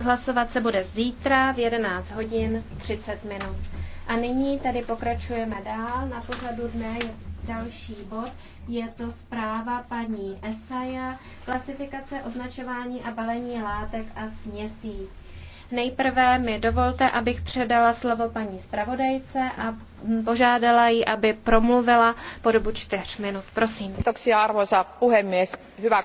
Hlasovat se bude zítra v 11 hodin 30 minut. A nyní tady pokračujeme dál. Na pořadu dne je další bod. Je to zpráva paní Esaja, klasifikace, označování a balení látek a směsí. Nejprve mi dovolte, abych předala slovo paní zpravodajce a požádala ji, aby promluvila po dobu čtyř minut. Prosím. hyvä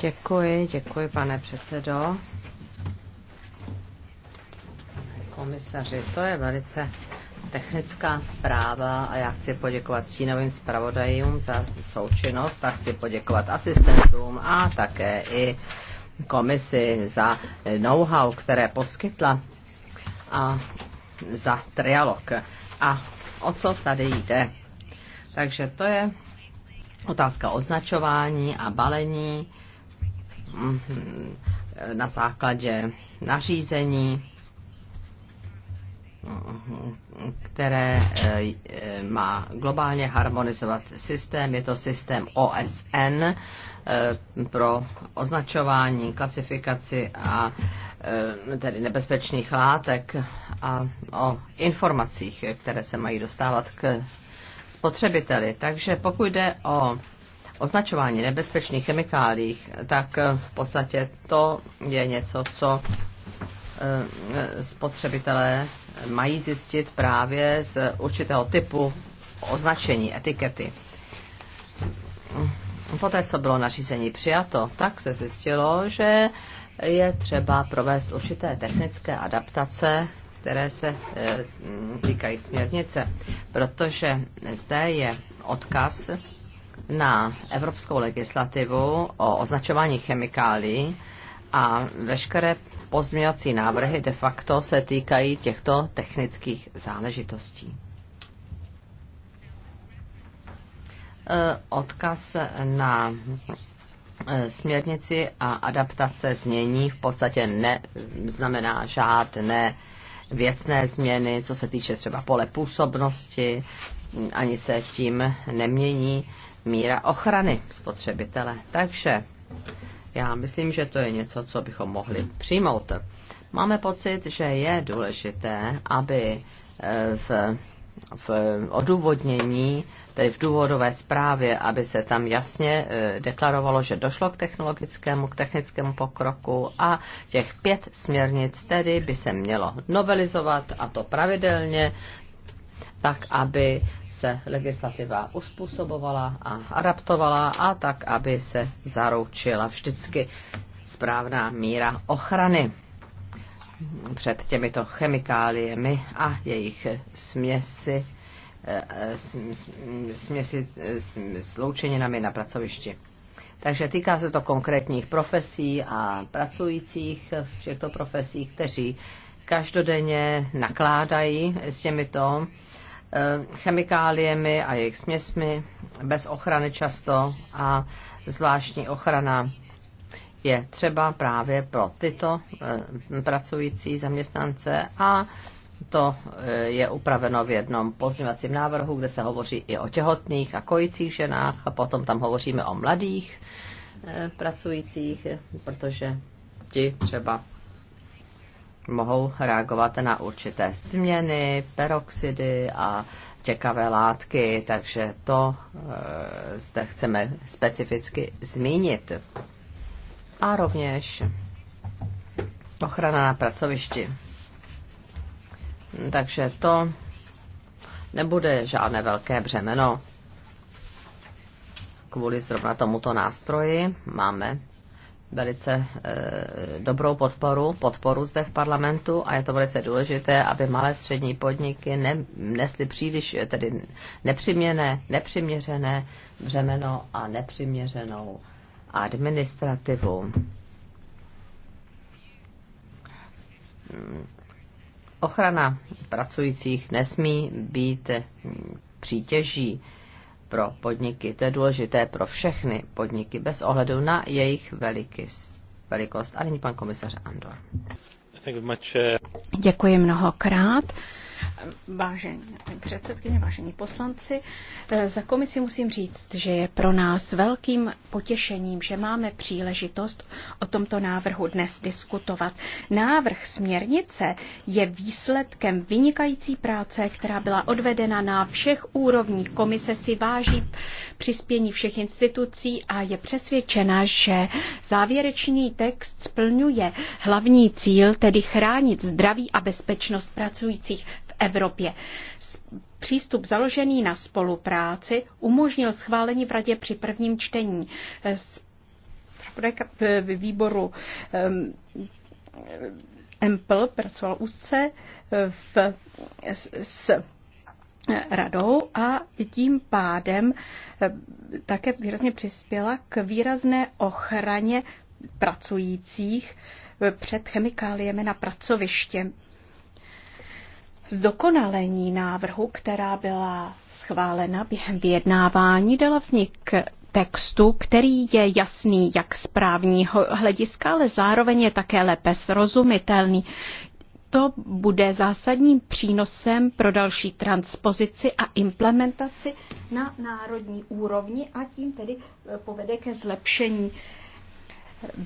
Děkuji, děkuji pane předsedo komisaři, to je velice technická zpráva a já chci poděkovat stínovým zpravodajům za součinnost a chci poděkovat asistentům a také i komisi za know-how, které poskytla a za trialog. A o co tady jde? Takže to je otázka označování a balení mm, na základě nařízení které eh, má globálně harmonizovat systém. Je to systém OSN eh, pro označování, klasifikaci a eh, tedy nebezpečných látek a o informacích, které se mají dostávat k spotřebiteli. Takže pokud jde o označování nebezpečných chemikálích, tak v podstatě to je něco, co spotřebitelé mají zjistit právě z určitého typu označení, etikety. Poté, co bylo nařízení přijato, tak se zjistilo, že je třeba provést určité technické adaptace, které se eh, týkají směrnice, protože zde je odkaz na evropskou legislativu o označování chemikálií, a veškeré pozměňovací návrhy de facto se týkají těchto technických záležitostí. E, odkaz na e, směrnici a adaptace znění v podstatě neznamená žádné věcné změny, co se týče třeba pole působnosti, ani se tím nemění míra ochrany spotřebitele. Takže já myslím, že to je něco, co bychom mohli přijmout. Máme pocit, že je důležité, aby eh, v, v odůvodnění, tedy v důvodové zprávě, aby se tam jasně eh, deklarovalo, že došlo k technologickému, k technickému pokroku a těch pět směrnic tedy by se mělo novelizovat a to pravidelně, tak aby se legislativa uspůsobovala a adaptovala a tak, aby se zaručila vždycky správná míra ochrany před těmito chemikáliemi a jejich směsi, eh, směsi sloučeninami na pracovišti. Takže týká se to konkrétních profesí a pracujících v těchto profesích, kteří každodenně nakládají s těmito Eh, chemikáliemi a jejich směsmi, bez ochrany často a zvláštní ochrana je třeba právě pro tyto eh, pracující zaměstnance a to eh, je upraveno v jednom pozměňovacím návrhu, kde se hovoří i o těhotných a kojících ženách a potom tam hovoříme o mladých pracujících, protože ti třeba mohou reagovat na určité změny, peroxidy a čekavé látky, takže to e, zde chceme specificky zmínit. A rovněž ochrana na pracovišti. Takže to nebude žádné velké břemeno. Kvůli zrovna tomuto nástroji máme velice eh, dobrou podporu, podporu zde v parlamentu a je to velice důležité, aby malé střední podniky ne, nesly příliš eh, tedy nepřiměné, nepřiměřené břemeno a nepřiměřenou administrativu. Ochrana pracujících nesmí být hm, přítěží pro podniky. To je důležité pro všechny podniky, bez ohledu na jejich velikost. A nyní pan komisař Andor. Eh. Děkuji mnohokrát. Vážení předsedkyně, vážení poslanci, eh, za komisi musím říct, že je pro nás velkým potěšením, že máme příležitost o tomto návrhu dnes diskutovat. Návrh směrnice je výsledkem vynikající práce, která byla odvedena na všech úrovních. Komise si váží přispění všech institucí a je přesvědčena, že závěrečný text splňuje hlavní cíl, tedy chránit zdraví a bezpečnost pracujících v Evropě. Přístup založený na spolupráci umožnil schválení v radě při prvním čtení eh, eh, výboru Empl eh, pracoval úzce v, s, s radou a tím pádem také výrazně přispěla k výrazné ochraně pracujících před chemikáliemi na pracoviště zdokonalení návrhu, která byla schválena během vyjednávání, dala vznik textu, který je jasný jak z právního hlediska, ale zároveň je také lépe srozumitelný. To bude zásadním přínosem pro další transpozici a implementaci na národní úrovni a tím tedy eh, povede ke zlepšení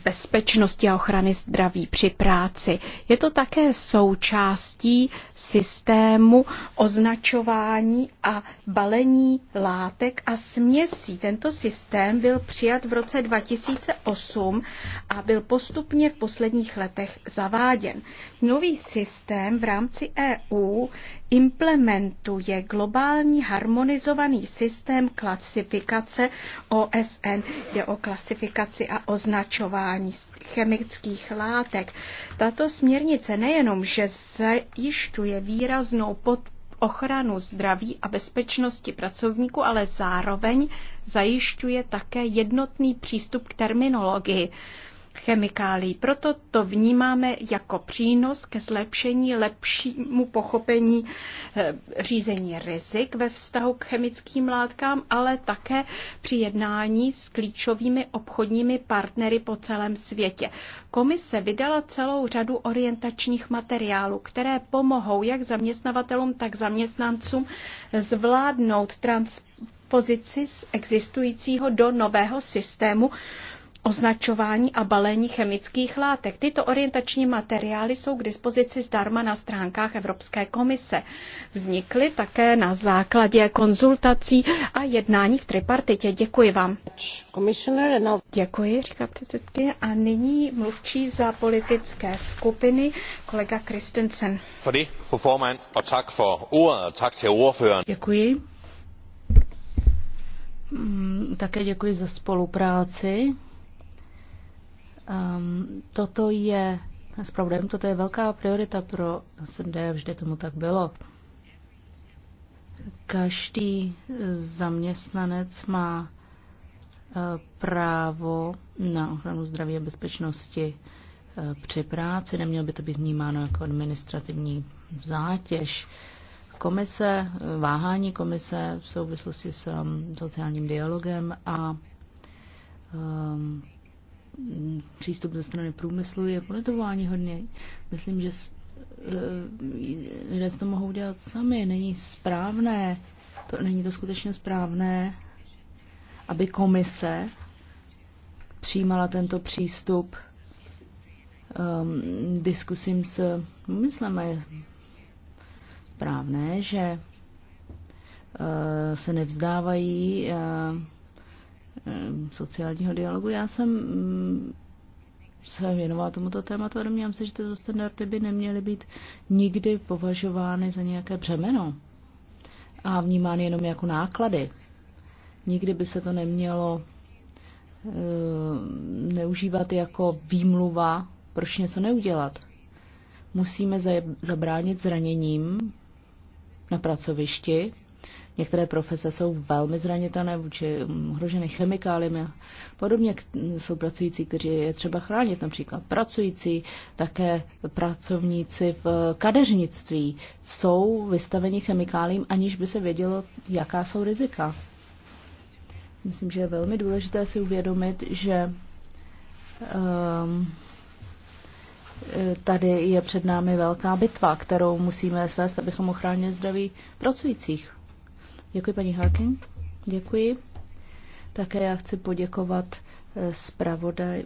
bezpečnosti a ochrany zdraví při práci. Je to také součástí systému označování a balení látek a směsí. Tento systém byl přijat v roce 2008 a byl postupně v posledních letech zaváděn. Nový systém v rámci EU implementuje globální harmonizovaný systém klasifikace OSN, jde o klasifikaci a označování chemických látek. Tato směrnice nejenom, že zajišťuje výraznou pod ochranu zdraví a bezpečnosti pracovníků, ale zároveň zajišťuje také jednotný přístup k terminologii chemikálií. Proto to vnímáme jako přínos ke zlepšení, lepšímu pochopení eh, řízení rizik ve vztahu k chemickým látkám, ale také při jednání s klíčovými obchodními partnery po celém světě. Komise vydala celou řadu orientačních materiálů, které pomohou jak zaměstnavatelům, tak zaměstnancům zvládnout trans pozici z existujícího do nového systému označování a balení chemických látek. Tyto orientační materiály jsou k dispozici zdarma na stránkách Evropské komise. Vznikly také na základě konzultací a jednání v tripartitě. Děkuji vám. Děkuji, říká předsedkyně. A nyní mluvčí za politické skupiny kolega Kristensen. Děkuji. Mm, také děkuji za spolupráci Um, toto je, s pravdem, toto je velká priorita pro SND, vždy tomu tak bylo. Každý zaměstnanec má e, právo na ochranu zdraví a bezpečnosti e, při práci. Nemělo by to být vnímáno jako administrativní zátěž. Komise, váhání komise v souvislosti s um, sociálním dialogem a um, přístup ze strany průmyslu je politování hodně. Myslím, že eh, lidé to mohou dělat sami. Není správné, to, není to skutečně správné, aby komise přijímala tento přístup um, diskusím s myslím, je správné, že uh, se nevzdávají uh, Ehm, sociálního dialogu. Já jsem mm, se věnovala tomuto tématu a domnívám se, že tyto standardy by neměly být nikdy považovány za nějaké břemeno a vnímány jenom jako náklady. Nikdy by se to nemělo e, neužívat jako výmluva, proč něco neudělat. Musíme zabránit zraněním na pracovišti, Některé profese jsou velmi zranitelné vůči mm, ohrožené chemikáliemi a podobně. Jsou pracující, kteří je třeba chránit, například pracující, také pracovníci v kadeřnictví jsou vystaveni chemikálím, aniž by se vědělo, jaká jsou rizika. Myslím, že je velmi důležité si uvědomit, že um, tady je před námi velká bitva, kterou musíme svést, abychom ochránili zdraví pracujících. Děkuji, paní Harkin. Děkuji. Také já chci poděkovat eh, zpravodaj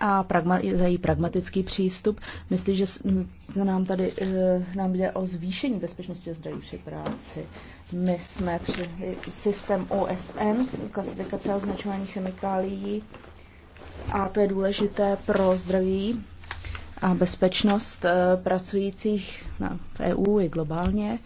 a pragma, za její pragmatický přístup. Myslím, že nám tady eh, nám jde o zvýšení bezpečnosti a zdraví při práci. My jsme při systém OSN, klasifikace a označování chemikálií, a to je důležité pro zdraví a bezpečnost eh, pracujících na, EU i globálně.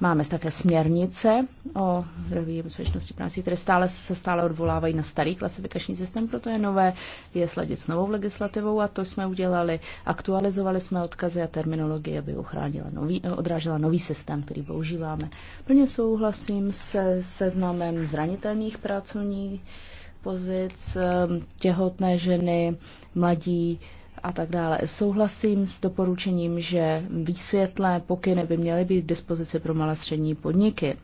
Máme také směrnice o zdraví a bezpečnosti práce, které stále se stále odvolávají na starý klasifikační systém, proto je nové, je sledit s novou legislativou a to jsme udělali. Aktualizovali jsme odkazy a terminologie, aby ochránila nový, odrážela nový systém, který používáme. Plně souhlasím se seznamem zranitelných pracovních pozic, těhotné ženy, mladí, a tak dále. Souhlasím s doporučením, že výsvětlé pokyny by měly být k dispozici pro malé střední podniky.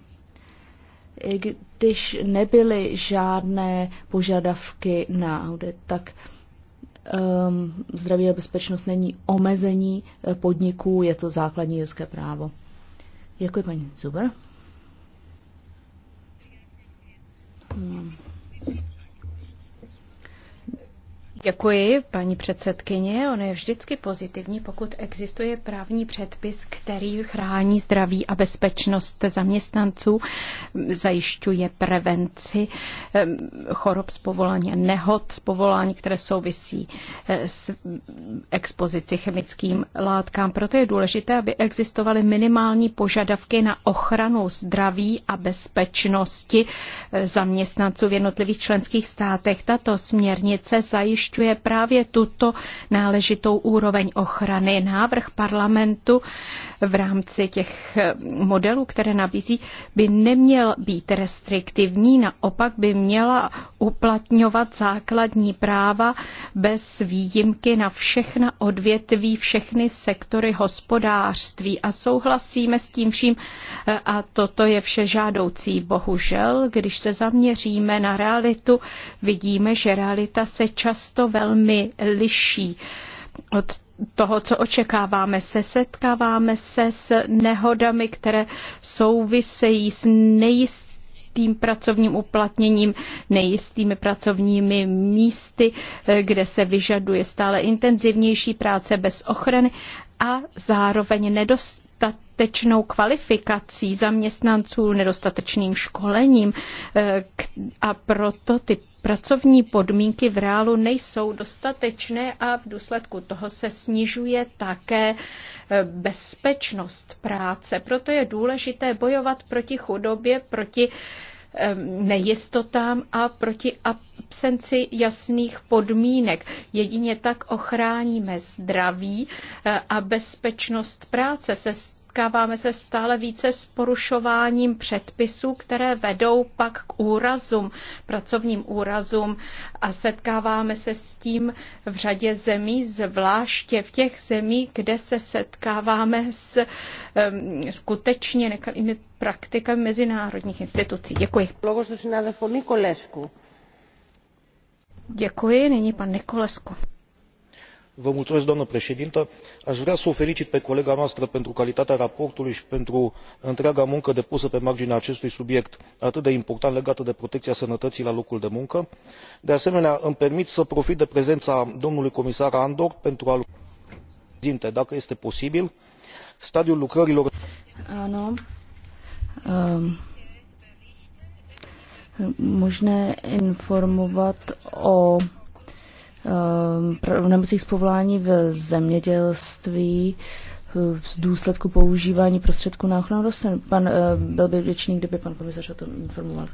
I když nebyly žádné požadavky na audit, tak um, zdraví a bezpečnost není omezení eh, podniků, je to základní lidské právo. Děkuji, paní Zuber. Hmm. Děkuji, paní předsedkyně. Ono je vždycky pozitivní, pokud existuje právní předpis, který chrání zdraví a bezpečnost zaměstnanců, zajišťuje prevenci chorob z povolání a nehod z povolání, které souvisí eh, s expozici chemickým látkám. Proto je důležité, aby existovaly minimální požadavky na ochranu zdraví a bezpečnosti eh, zaměstnanců v jednotlivých členských státech. Tato směrnice zajišťuje zajišťuje právě tuto náležitou úroveň ochrany. Návrh parlamentu v rámci těch eh, modelů, které nabízí, by neměl být restriktivní, naopak by měla uplatňovat základní práva bez výjimky na všechna odvětví, všechny sektory hospodářství. A souhlasíme s tím vším, eh, a toto je vše žádoucí. Bohužel, když se zaměříme na realitu, vidíme, že realita se často to velmi liší od toho, co očekáváme se, setkáváme se s nehodami, které souvisejí s nejistým pracovním uplatněním, nejistými pracovními místy, eh, kde se vyžaduje stále intenzivnější práce bez ochrany a zároveň nedostatečnou kvalifikací zaměstnanců, nedostatečným školením eh, a proto ty pracovní podmínky v reálu nejsou dostatečné a v důsledku toho se snižuje také eh, bezpečnost práce. Proto je důležité bojovat proti chudobě, proti eh, nejistotám a proti absenci jasných podmínek. Jedině tak ochráníme zdraví eh, a bezpečnost práce se setkáváme se stále více s porušováním předpisů, které vedou pak k úrazům, pracovním úrazům a setkáváme se s tím v řadě zemí, zvláště v těch zemích, kde se setkáváme s um, skutečně nekalými praktikami mezinárodních institucí. Děkuji. Děkuji, nyní pan Nikolesku a vrea să o felicit pe colega noastră pentru calitatea raportului i pentru întreaga muncă depusă pe marginea acestui subiect atât de important legat de protecia sănătății la locul de muncă. de asemenea îmi permit să profit de prezena domnului comisar andor pentru a l ruga să prezinte dacă este posibil stadiul lucrărilor Ehm, v nemocích z povolání v zemědělství eh, z důsledku používání prostředků na ochranu rostlin. Pan, eh, byl by vděčný, kdyby pan komisař o tom informoval,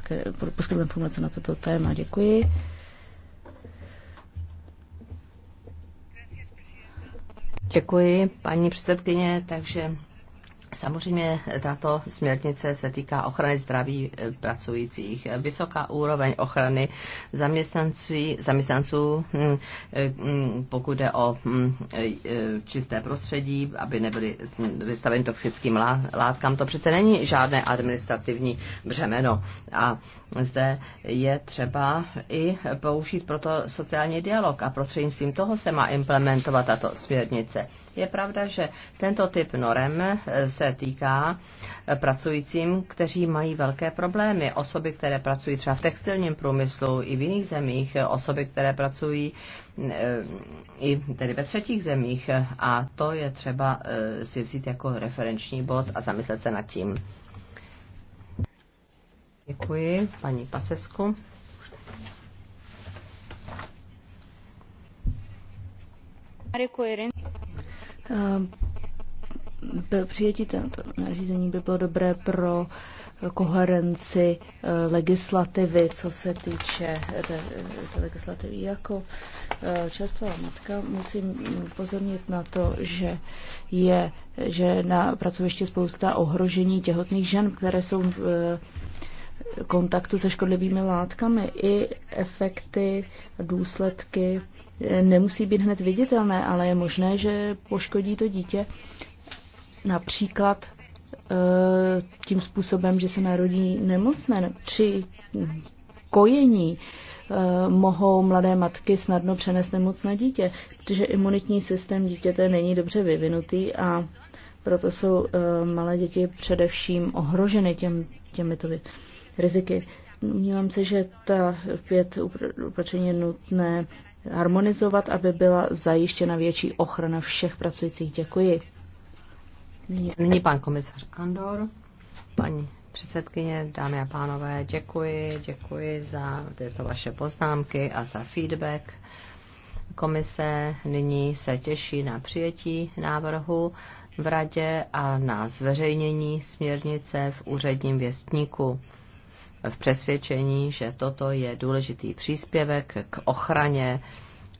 poskytl informace na toto téma. Děkuji. Děkuji, paní předsedkyně. Takže Samozřejmě tato směrnice se týká ochrany zdraví eh, pracujících. Vysoká úroveň ochrany zaměstnanců, zaměstnanců hm, eh, hm, pokud jde o hm, eh, čisté prostředí, aby nebyly vystaveny toxickým látkám, to přece není žádné administrativní břemeno. A zde je třeba i použít proto sociální dialog a prostřednictvím toho se má implementovat tato směrnice. Je pravda, že tento typ norem se se týká eh, pracujícím, kteří mají velké problémy. Osoby, které pracují třeba v textilním průmyslu i v jiných zemích, eh, osoby, které pracují eh, i tedy ve třetích zemích a to je třeba si vzít jako referenční bod a zamyslet se nad tím. Děkuji, paní Pasesku přijetí tento nařízení by bylo dobré pro koherenci eh, legislativy, co se týče eh, eh, té legislativy. Jako čerstvá matka musím pozornit na to, že je že na pracovišti spousta ohrožení těhotných žen, které jsou v kontaktu se škodlivými látkami. I efekty, důsledky nemusí být hned viditelné, ale je možné, že poškodí to dítě Například eh, tím způsobem, že se narodí nemocné při kojení eh, mohou mladé matky snadno přenést nemoc na dítě, protože imunitní systém dítěte není dobře vyvinutý a proto jsou eh, malé děti především ohroženy těm, těmito riziky. Mnívám se, že ta pět opatření je nutné harmonizovat, aby byla zajištěna větší ochrana všech pracujících. Děkuji. Nyní pan komisař Andor, paní předsedkyně, dámy a pánové, děkuji, děkuji za tyto vaše poznámky a za feedback. Komise nyní se těší na přijetí návrhu v radě a na zveřejnění směrnice v úředním věstníku v přesvědčení, že toto je důležitý příspěvek k ochraně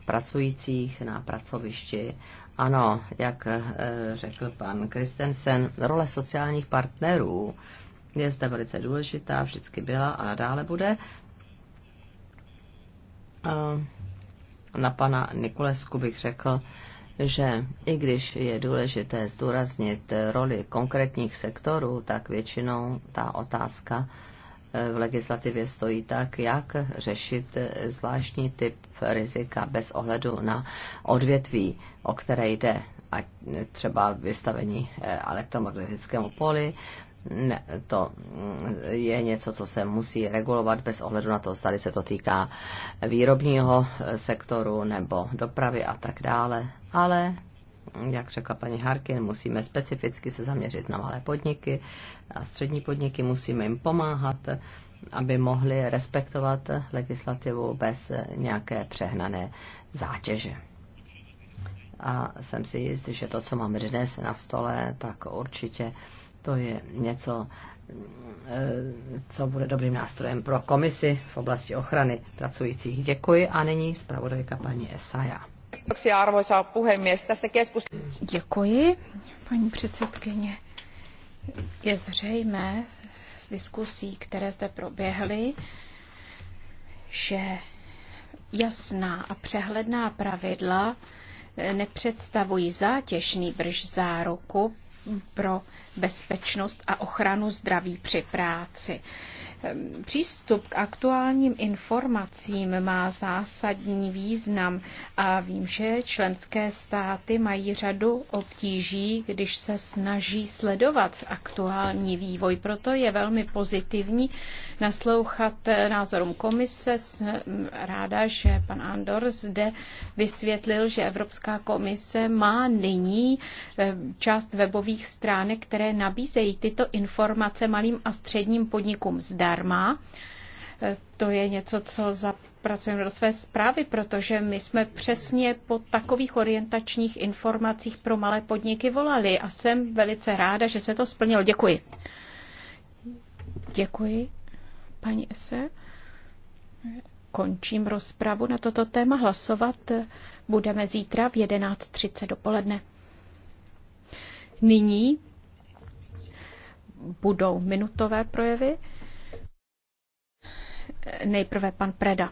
pracujících na pracovišti ano, jak eh, řekl pan Kristensen, role sociálních partnerů je zde velice důležitá, vždycky byla a nadále bude. Eh, na pana Nikolesku bych řekl, že i když je důležité zdůraznit roli konkrétních sektorů, tak většinou ta otázka v legislativě stojí tak, jak řešit zvláštní typ rizika bez ohledu na odvětví, o které jde, a třeba vystavení eh, elektromagnetickému poli, ne, to mm, je něco, co se musí regulovat bez ohledu na to, zda se to týká výrobního eh, sektoru nebo dopravy a tak dále. Ale jak řekla paní Harkin, musíme specificky se zaměřit na malé podniky a střední podniky, musíme jim pomáhat, aby mohli respektovat legislativu bez nějaké přehnané zátěže. A jsem si jist, že to, co máme dnes na stole, tak určitě to je něco, e, co bude dobrým nástrojem pro komisi v oblasti ochrany pracujících. Děkuji a nyní zpravodajka paní Esaja arvoisa puhemies tässä keskustelussa. předsedkyně. Je zřejmé z diskusí, které zde proběhly, že jasná a přehledná pravidla nepředstavují zátěž, nýbrž záruku pro bezpečnost a ochranu zdraví při práci. Přístup k aktuálním informacím má zásadní význam a vím, že členské státy mají řadu obtíží, když se snaží sledovat aktuální vývoj. Proto je velmi pozitivní naslouchat názorům komise. Jsem ráda, že pan Andor zde vysvětlil, že Evropská komise má nyní část webových stránek, které nabízejí tyto informace malým a středním podnikům zda zdarma. To je něco, co zapracujeme do své zprávy, protože my jsme přesně po takových orientačních informacích pro malé podniky volali a jsem velice ráda, že se to splnilo. Děkuji. Děkuji, paní Ese. Končím rozpravu na toto téma. Hlasovat budeme zítra v 11.30 dopoledne. Nyní budou minutové projevy. Nejprve pan Preda.